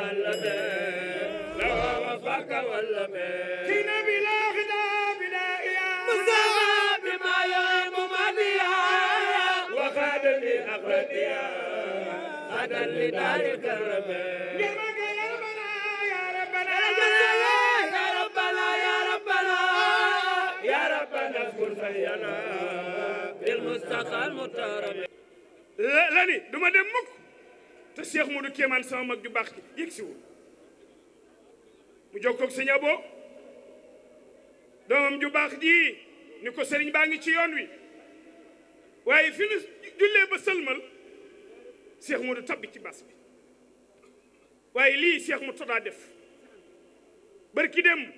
اللبى لو وفاك واللبى كنا بلا غدا بدائيا مزاع بما يغيب ماليا وخادمي أغرديا غدا لدار الكرم نعمك يا ربنا يا ربنا يا ربنا يا ربنا يا ربنا اذكر سينا بالمستقى المترم لاني دما دم Cheikh Modou Kéemaan sama mag ju baax ci yëg si wul mu jokkoog sëñ Abo doomam ju baax ji ni ko sëriñ baa ngi ci yoon wi waaye fi nu jullee ba sëlmal Cheikh Modou tabbi ci bas bi waaye lii Cheikh mu todaa def barki dem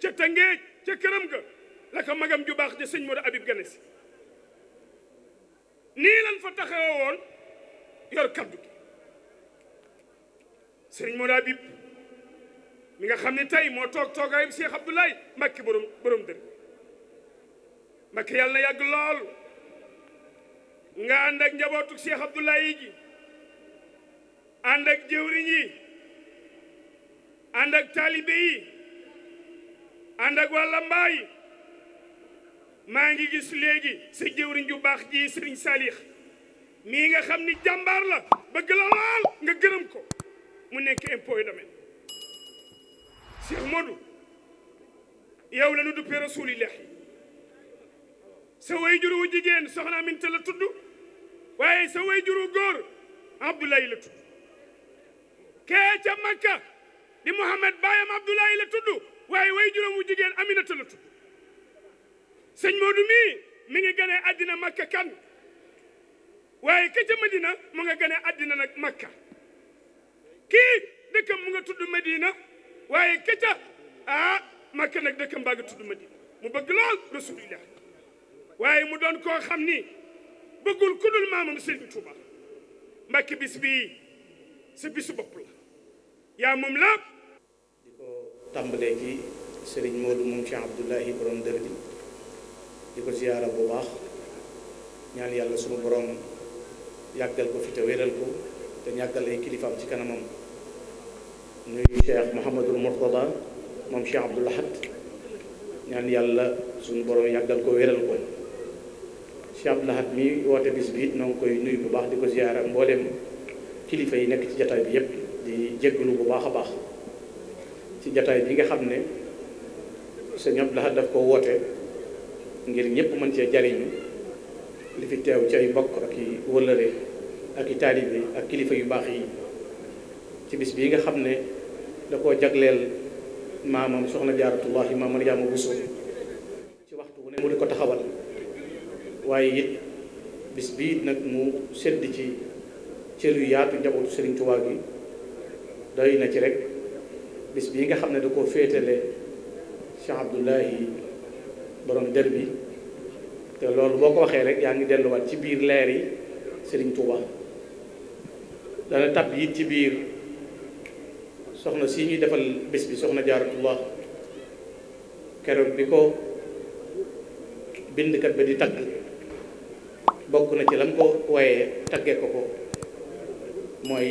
ca Tëngéej ca këram ga la magam ju baax de sëñ Modou Habib Ganasi nii lan fa taxawoo woon yor kaddu sëriñ Mawla Habib mi nga xam ne tey moo toog toogaayam Cheikh Abdoulaye Mbacké borom borom dër Mbacké yàlla na yàgg lool nga ànd ak njabootu Cheikh Abdoulaye yi ji ak jëwriñ yi ànd ak taalibe yi ànd ak wàlla maa ngi gis léegi sa jëwriñ ju baax ji sëriñ Salih mii nga xam ni jàmbaar la bëgg lool nga gërëm ko mu nekk impôt yu domaine Cheikh Modou yow la nu duppee rasulillahi sa way juru wu jigéen soxna Aminta la tudd waaye sa way juru góor Abdoulaye la tudd kee ca Makka di Mouhamed baayam Abdoulaye la tudd waaye way juru wu jigéen Aminata la tudd sëñ Modou mii mi ngi gane addina Makka kan waaye ka ca Madina mu nga gane addina Makka kii dëkkam mu nga tudd Medina waaye këca ah Makka nag dëkkam baa nga tudd Medina mu bëgg lool rasulillah waaye mu doon koo xam ni bëggul ku dul maamam Sëriñ Tuuba Mbàkke bis bii sa bisu bopp la yaa moom la di ko tàmbalee ci Sëriñ Moodu moom Cheikh Abdoulahi borom dër di ko ziyaara bu baax ñaan yàlla suma borom yàggal ko fi te wéral ko te ñàggal ay kilifaam ci kanamam nuyu cheikh mouhamadul mourtada moom cheikh abdul ahad ñaan yàlla suñu borom yàggal ko wéral ko cheikh abdul ahad mi woote bis bi koy nuyu bu baax di ko ziyaara mbooleem kilifa yi nekk ci jataay bi yépp di jégglu bu baax a baax ci jataay bi nga xam ne sëñ abdul ahad daf ko woote ngir ñépp mën cee jariñu li fi teew ci ay mbokk ak wëllëre ak i taalibe ak kilifa yu baax yi ci bis bii nga xam ne da koo jagleel maamam soxna jaaratullahi maam Mariyaama Buso ci waxtu wu ne mu di ko taxawal waaye it bis bii nag mu sedd ci cër yu yaatu njabootu Sëriñ Tuubaa gi doy na ci rek bis bii nga xam ne da koo féetale Cheikh Abdullahi borom dër te loolu boo ko waxee rek yaa ngi delluwaat ci biir leer yi Sëriñ Tuubaa dana tàbb it ci biir soxna si ñuy defal bés bi soxna jaaratullah keroog bi ko bindkat ba di tagg bokk na ci lam ko waaye tagge ko ko mooy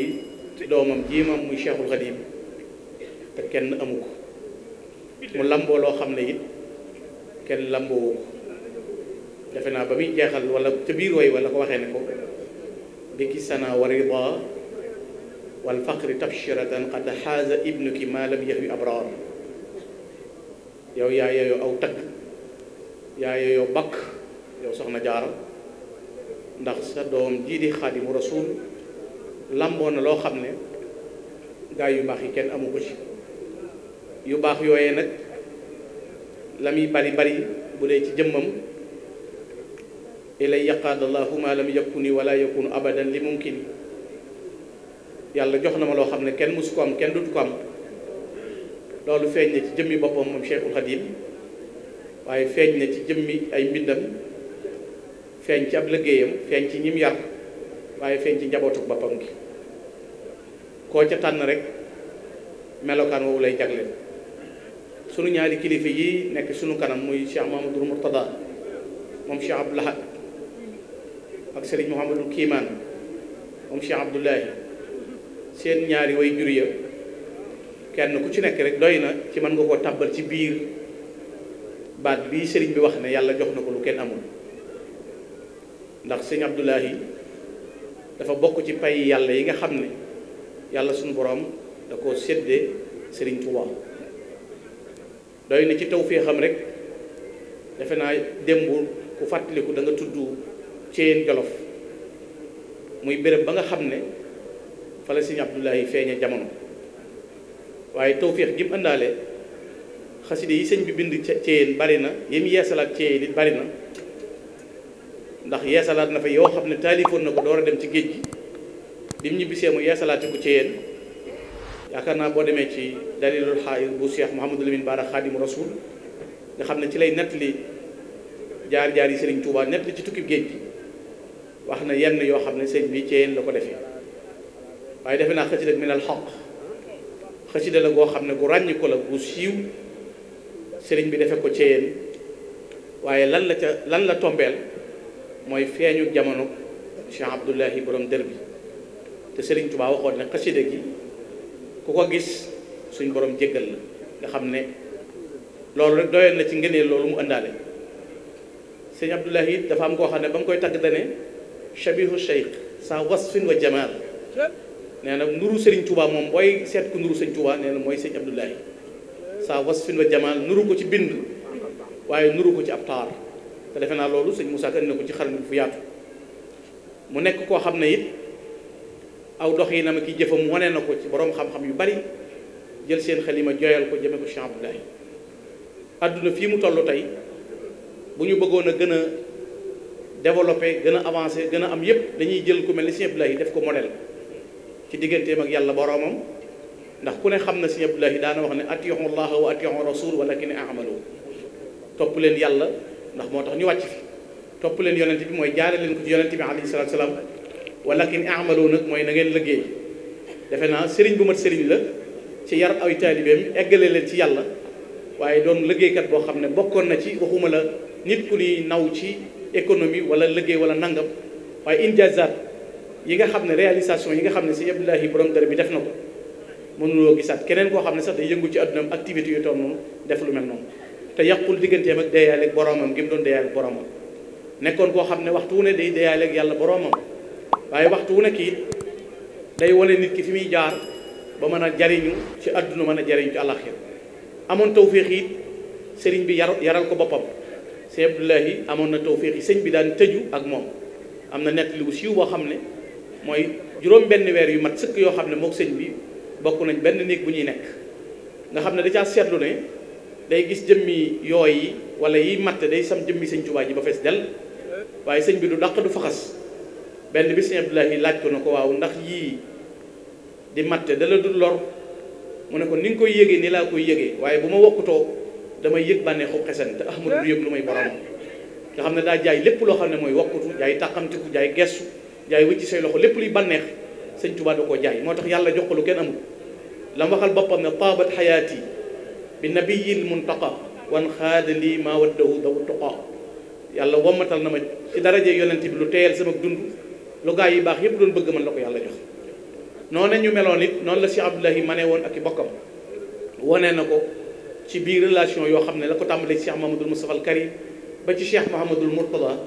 doomam jiimam muy Cheikhul Xadim te kenn amu ko mu lamboo loo xam ne it kenn lamboowu ko defe naa ba muy jeexal wala ca biir way wala ko waxee ne ko bi ki sana warida wal faqri tabshiratan qad xaaza ibnuki maa lam yahwi abraar yow yaa yeyoo aw takk yaa bakk yow soxna jaara ndax sa doom jii di xaadimu rasuul lamboo na loo xam ne gaa yu baax yi kenn amu ko yu baax yooye nag lam muy bari bari bu dee ci jëmmam ilay yaqaadallahu ma lam yakuni wala yakunu abadan li mumkin yàlla jox na ma loo xam ne kenn mosu ko am kenn dutu ko am loolu feeñ na ci jëmmi boppam moom Cheikhul Khadim waaye feeñ na ci jëmmi ay mbindam feeñ ci ab liggéeyam feeñ ci ñim yar waaye feeñ ci njabootu boppam gi koo ca tànn rek melokaan woowu lay jagleel sunu ñaari kilifa yi nekk sunu kanam muy Cheikh Mamadou Mourtada moom Cheikh Abdoul Ahad ak Serigne Mouhamadou Kiimaan moom Cheikh Abdoulahi seen ñaari way jur ya kenn ku ci nekk rek doy na ci mën nga koo tàbbal ci biir baat bii sëriñ bi wax ne yàlla jox na ko lu kenn amul ndax sëñ Abdoulahi dafa bokk ci pay yàlla yi nga xam ne yàlla suñu borom da koo séddee sëriñ Tuubaa doy na ci tawféexam rek defe naa démb ku fàttaliku da nga tudd Ceen Jolof muy bërëb ba nga xam ne fa la sëñ Abdoulahi feeñe jamono waaye tawféex gi àndaale ëndaale xaside yi sëñ bi bind ceyeen bari na yéen yeesalaat ceyeen it bari na ndax yeesalaat na fa yoo xam ne taalifoon na ko door a dem ci géej gi bi mu ñibbisee mu yeesalaati ko ceyeen yaakaar naa boo demee ci dalilul xaayir bu Cheikh Mouhamadou Lamine Bara Xaadimu Rasuul nga xam ne ci lay nett li jaar jaar yi Sëriñ Tuubaa nettali ci tukki géej gi wax na yenn yoo xam ne sëñ bi ceyeen la ko defee waaye defe naa xasida min al xaq xasida la goo xam ne gu ràññ ko la gu siiw sëriñ bi defe ko ceyeen waaye lan la ca lan la tombeel mooy feeñu jamono Cheikh Abdullahi borom dër bi te sëriñ Tuubaa waxoon ne xasida gi ku ko gis suñ borom jéggal la nga xam ne loolu rek doyoon na ci ngëneel loolu mu ëndaale sëñ Abdullahi it dafa am koo xam ne ba nga koy tagg dane shabihu cheikh sa wasfin wa jamaal nee na nuru Serigne Touba moom mooy seet ku nuru Serigne Touba nee na mooy sëñ Abdoulaye saa wasfin wa jamaal nuru ko ci bind waaye nuru ko ci ab taar te defe naa loolu sëñ Moussa indi na ko ci xaram bi fu yaatu mu nekk koo xam ne it aw dox yi na ma ki jëfam wane na ko ci boroom xam-xam yu bari jël seen xalima jooyal ko jëme ko Cheikh Abdoulaye àdduna fii mu toll tey bu ñu bëggoon a gën a développé gën a avancé gën a am yépp dañuy jël ku mel ni Cheikh Abdoulaye def ko modèle ci digganteem ak yàlla boroomam ndax ku ne xam na sëñ Abdoulahi daana wax ne atiihu llaha wa atiihu rasul walakin amalu topp leen yàlla ndax moo tax ñu wàcc fi topp leen yonent bi mooy jaare leen ko ci yonent bi alayhi salaatu salaam walakin amalu nag mooy na ngeen liggéey defe naa sëriñ bu mat sëriñ la ci yar ay taalibeem eggale leen ci yàlla waaye doon liggéeykat boo xam ne bokkoon na ci waxuma la nit ku ni naw ci économie wala liggéey wala nangam waaye injaazaat yi nga xam ne réalisation yi nga xam ne si Abdoulahi borom dara bi def na ko mënuloo gisaat keneen koo xam ne sax day yëngu ci àdduna am activité yu toll moom def lu mel noonu te yàqul digganteem ak deeyaaleeg boromam gi mu doon deeyaaleeg boromam nekkoon koo xam ne waxtu wu ne day deeyaaleeg yàlla boromam waaye waxtu wu ne kii day wane nit ki fi muy jaar ba mën a jariñu ci àdduna mën a jariñu ci àllaxira amoon tawféex yi sëriñ bi yar yaral ko boppam Sëñ Abdoulahi amoon na tawféex yi sëñ bi daan tëju ak moom am na nekk lu siiw boo xam ne mooy juróom benn weer yu mat sëkk yoo xam ne mook sëñ bi bokk nañ benn néeg bu ñuy nekk nga xam ne da caa seetlu ne day gis jëmmi yooy yi wala yi matt day sam jëmmi sëñ Tuubaa ji ba fees del waaye sëñ bi du dàq du faxas benn bi sëñ Abdoulahi laaj ko na ko waaw ndax yii di matt dala du lor mu ne ko ni nga koy yëgee ni laa koy yëgee waaye bu ma wokkutoo damay yëg bànneexu xesen te Ahmadu du yëg lu may boromam nga xam ne daa jaay lépp loo xam ne mooy wokkutu jaay tàqamtiku jaay gestu jaay wëcc say loxo lépp luy bànneex sëñ Tuubaa da koo jaay moo tax yàlla jox ko lu kenn amul lam waxal boppam ne taabat xayaati bi nabiyil muntaqa wan xaada lii maa waddahu daw tuqa yàlla wommatal na ma ci daraje yonent bi lu teeyal sama dund lu gaa yi baax yépp doon bëgg man la ko yàlla jox noonu ñu meloon it noonu la si Abdoulahi ma ne woon ak i bokkam wane na ko ci biir relation yoo xam ne la ko tàmbalee Cheikh Mahamadul Moustapha al Karim ba ci Cheikh Mahamadul Mourtada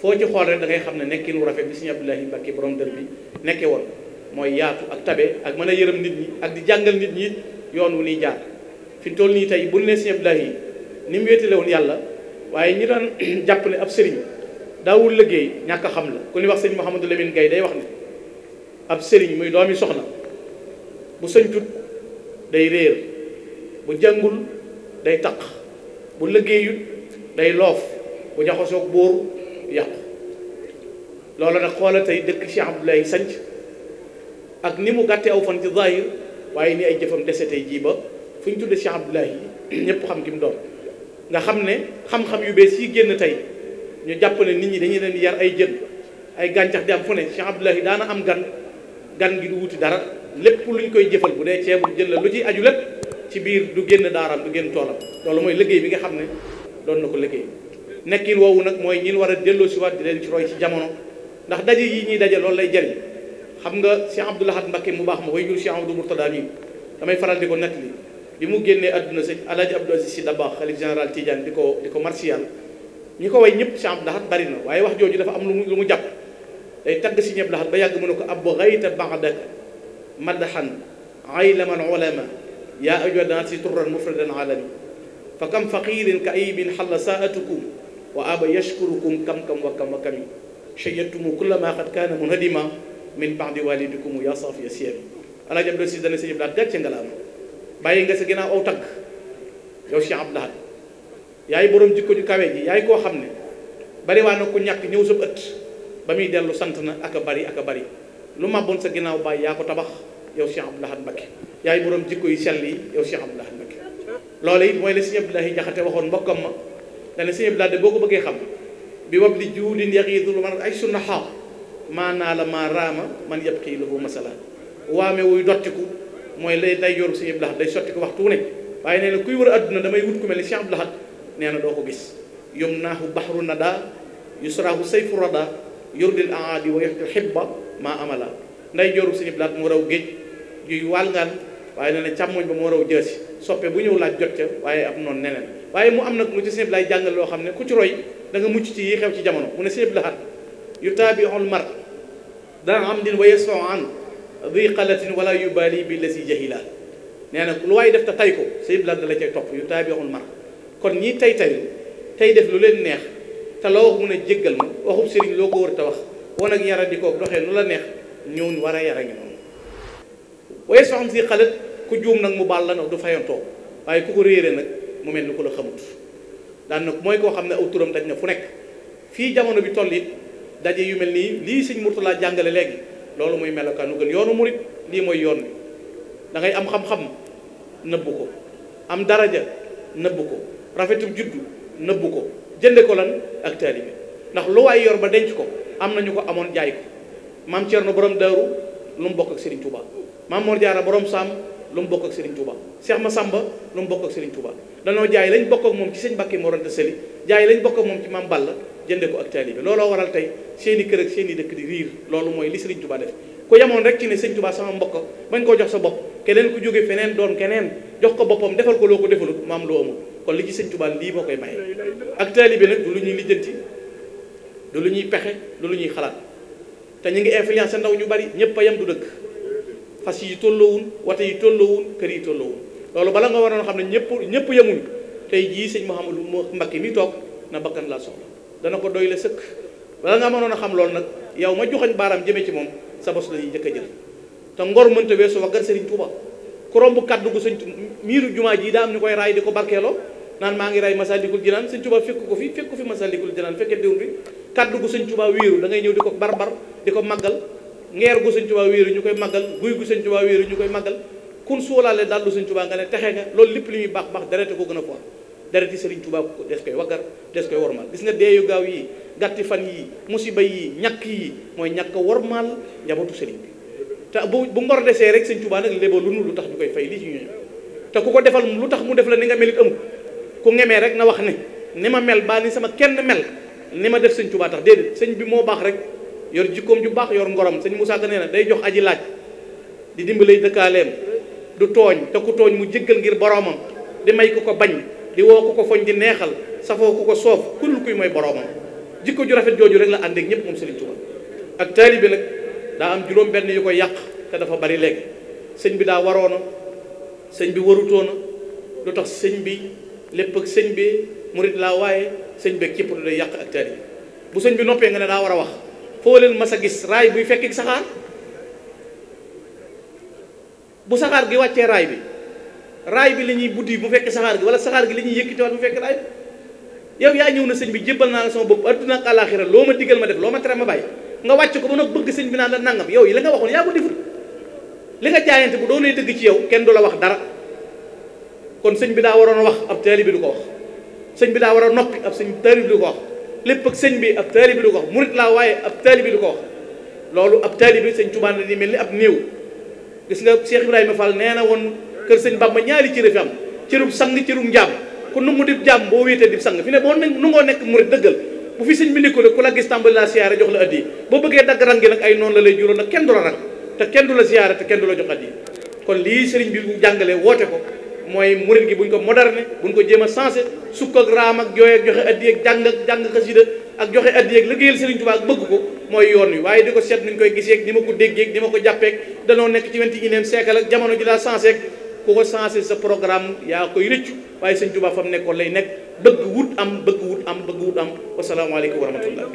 foo ci xool rek da xam ne nekkin wu rafet bi Sëriñ Abdoulahi Mbàkke borom dër bi nekke woon mooy yaatu ak tabe ak mën a yërëm nit ñi ak di jàngal nit ñi yoon wu ñuy jaar fi mu nii tey bu ñu nee Sëriñ ni mu wéetale woon yàlla waaye ñi daan jàpp ne ab sëriñ daawul liggéey ñàkk xam la ku ñuy wax sëñ Mouhamadou Lamine gay day wax ne ab sëriñ muy doomi soxna bu sëñtut day réer bu jàngul day taq bu liggéeyut day loof bu jaxasoog bóor yàqu loolu nag xoola tey dëkk Cheikh Abdoulaye sanc ak ni mu gàttee aw fan ci zahir waaye ni ay jëfam dese tey jii ba fu ñu tudde Cheikh Abdoulaye ñëpp xam ki mu doon nga xam ne xam-xam yu bees yi génn tey ñu jàpp ne nit ñi dañuy leen yar ay jën ay gàncax di am fu ne Cheikh Abdoulaye daana am gan gan gi du wuti dara lépp luñ koy jëfal bu dee ceebu jël la lu ciy aju lépp ci biir du génn daaram du génn toolam loolu mooy liggéey bi nga xam ne doon na ko liggéey nekkin woowu nag mooy ñin war a delloo si waat di leen ci roy ci jamono ndax daje yi ñuy daje loolu lay jëriñ xam nga Cheikh Abdou Lahad Mbacké mu baax ma koy jur Cheikh Abdou Mourtada mi damay faral di ko nettali bi mu génnee àdduna sëñ Alaaji Abdou Aziz Sy Dabakh xalif général Tidiane di ko di ko marsiyal ñi ko way ñëpp Cheikh Abdou Lahad bari na waaye wax jooju dafa am lu mu lu jàpp day tagg si ñëpp Lahad ba yàgg mu ne ko abbo rayta baxdaka madaxan aylaman olama yaa ajodansi turran mufradan alami fa kam faqirin ka ayibin xalla saatukum wa aba yashkurukum kam kam wa kam wa kam shayyatumu kulla ma qad kaana munhadima min ba'di walidikum ya safiya siyam ala jam do si dana sëñ Abdou gàcce nga la am bàyyi nga sa ginnaaw aw tagg yow Cheikh Abdou Lahad yaay borom jikko ju kawe ji yaay xam ne bari waa na ku ñàkk ñëw sa ëtt ba muy dellu sant na ak a bari ak a bari lu màbboon sa ginnaaw bàyyi yaa tabax yow Cheikh Abdou Lahad Mbacké yaay borom jikko yu sell yi yow Cheikh Abdou Lahad Mbacké loolu it mooy la sëñ Abdou Lahad Jaxate waxoon mbokkam ma dana sëñ Abdoulaye boo ko bëggee xam bi wab li juudin yaxiidul man ay sunna xaar maanaa la maa raama man yëpp xii lahu masala waame wuy dottiku mooy lay day yoru sëñ Abdoulaye day sotti ko waxtu ne waaye nee na kuy wër adduna damay wut ku mel ni nee na doo ko gis yom naahu baxru nada yusrahu sayfu rada yurdil aadi wa yaxtil xibba maa amala nday joru sëñ Abdoulaye moo raw géej yuy wàll ngaan waaye nee na càmmoñ ba moo raw jësi soppe bu ñëw laaj jot waaye am noonu neneen waaye mu am nag lu ci sëñ ay jàngal loo xam ne ku ci roy da nga mucc ci yi xew ci jamono mu ne sëñ Ablaay yu taabixul mar dana am din wa yasfau an di qalatin wala yubali bi lasi jahila nee na lu waaye def te tay ko sëñ la cay topp yu taabixul mar kon ñi tay tay tey def lu leen neex te la wax a jéggal ma waxub sëriñ loo ko war te wax yara di ko doxee nu la neex ñëw ñu war a yara ngi noonu wa yasfau an ku juum nag mu baal la nag du fayantoo waaye ku ko réere nag mu mel ni ku la xamut daan mooy koo xam ne aw turam daj na fu nekk fii jamono bi toll it daje yu mel nii lii sëñ Murtala jàngale léegi loolu mooy melokaanu gën yoonu murit lii mooy yoon wi da am xam-xam nëbbu ko am daraja nëbbu ko rafetub juddu nëbbu ko jënde ko lan ak taalibe ndax lu waay yor ba denc ko am nañu ko amoon jaay ko maam Cerno borom daaru lu mu bokk ak Serigne Touba maam Mor Jaara borom Saam lu mu bokk ak Serigne Touba ma Massamba lu mu bokk ak Serigne Touba danoo jaay lañ bokk ak moom ci sëñ Mbàkke Mor Anta Sali jaay lañ bokk ak moom ci Maam Balla jënde ko ak taalibe looloo waral tey seeni kër ak seeni dëkk di riir loolu mooy li Serigne Touba def ku yemoon rek ci ne sëñ Touba sama mbokk bañ koo jox sa bopp keneen ku jóge feneen doon keneen jox ko boppam defal ko loo ko defalut maam loo amul kon li ci sëñ Touba lii moo koy maye ak taalibe nag du lu ñuy lijjanti du lu ñuy pexe du lu ñuy xalaat te ñu ngi influence ndaw ñu bari ñëpp a du dëkk fas yi tolloowul wate yi tolloowul kër yi tolloowul loolu bala nga waroon xam ne ñëpp ñëpp yemuñu tey jii sëñ Mouhamadou Mbacké mi toog na bakkan laa soxla dana ko doy la sëkk bala nga mënoon a xam loolu nag yow ma joxoñ baaraam jëmee ci moom sa bos la ñuy njëkk jël te ngor mënta weesu waggar sëriñ Touba ku romb kaddu gu sëñ miiru jumaa ji daa am ñu koy raay di ko barkeeloo naan maa ngi raay Masaalikul Jinaan sëñ Touba fekk ko fi fekk ko fi Masaalikul Jinaan fekkee déwén bi kaddu gu sëñ Touba wiiru da ngay ñëw di ko di ko màggal ngeer gu sëñ Tuubaa wéeru ñu koy màggal guy gu sëñ Tuubaa wéeru ñu koy màggal kun suulaale daal lu sëñ Tuubaa nga ne texe nga loolu lépp li muy baax baax derete ko gën a foor dereti sëriñ Tuubaa ko des koy waggar des koy wormaal gis nga deeyu gaaw yi gàtti fan yi musiba yi ñàkk yi mooy ñàkk wormaal njabootu sëriñ bi te bu bu ngor desee rek sëñ Tuubaa nag lébo lu nu lu tax ñu koy fay lii ci ñooñu te ku ko defal lu tax mu def la ni nga mel melit amul ku ngemee rek na wax ne ni ma mel baa ni sama kenn mel ni ma def sëñ Tuubaa tax déedéet sëñ bi moo baax rek yor jikkoom ju baax yor ngorom sëñ mu Ka nee na day jox aji laaj di dimbalay dëkkaaleem du tooñ te ku tooñ mu jéggal ngir boroomam di may ku ko bañ di woo ku ko foñ di neexal safoo ku ko soof ku kuy moy boroomam jikko ju rafet jooju rek la àndeek ñëpp moom Sëriñ Tuuba ak taalibe nag daa am juróom benn yu ko yàq te dafa bari léegi sëñ bi daa waroona sëñ bi warutoona lu tax sëñ bi lépp ak sëñ bi murit laa waaye sëñ bi képp lu day yàq ak taalibe bu sëñ bi noppee nga ne daa war a wax foo leen mas a gis raay buy fekk saxaar bu saxaar gi wàccee raay bi raay bi la ñuy buddi mu fekk saxaar gi wala saxaar gi la ñuy yëkkatiwaat mu fekk raay bi yow yaa ñëw na sëñ bi jébbal naa la sama bopp adduna ak loo ma digal ma def loo ma tere ma bàyyi nga wàcc ko ba nag bëgg sëñ bi naan la nangam yow yi la nga waxoon yaa ko defut li nga jaayante bu doonee dëgg ci yow kenn du la wax dara kon sëñ bi daa waroon a wax ab taalibe du ko wax sëñ bi daa war a noppi ab sëñ taalibe du lépp ak sëñ bi ab taalibi du ko wax murit laa waaye ab taalibi du ko loolu ab taalibi sëñ Tuubaa la ni mel ni ab néew gis nga Cheikh Ibrahima Fall nee na woon kër sëñ Bamba ñaari cër fi am cërub sang cërub njaam ku nu mu di jaam boo wéetee di sang fi ne boo nu ngoo nekk murit dëggal bu fi sëñ bi nekkul ku la gis tàmbali laa siyaare jox la addi boo bëggee dagg rang gi nag ay noonu la lay juróon nag kenn du la rang te kenn du la siyaare te kenn du la jox addi kon lii sëriñ bi jàngale woote ko mooy murit gi buñ ko moderne buñ ko jéem a sensé sukk ak raam ak jooy ak joxe addi ak jàng ak jàng xasida ak joxe addi ak liggéeyal Sëriñ Tuubaa ak bëgg ko mooy yoon wi waaye di ko seet nuñ koy gisee ni ma ko déggeek ni ma ko jàppeek danoo nekk ci vingt-et-unième siècle ak jamono ji laa sensé ku ko sensé sa programme yaa koy rëccu waaye Sëriñ Tuubaa fa mu nekkoon lay nekk bëgg wut am bëgg wut am bëgg wut am wasalaamaaleykum wa rahmatullah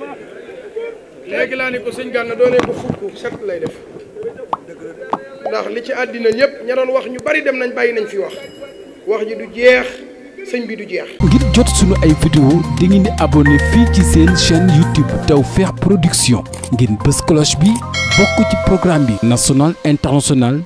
léegi laa ne ko sëñ Gana doonee ko lay def ndax li ci àddina ñëpp ña wax ñu bari dem nañ bàyyi nañ fi wax wax ji du ngir jot suñu ay vidéo di ngeen di abonné fii ci seen chaîne YouTube feex Production ngeen bës cloche bi bokk ci programme bi national international.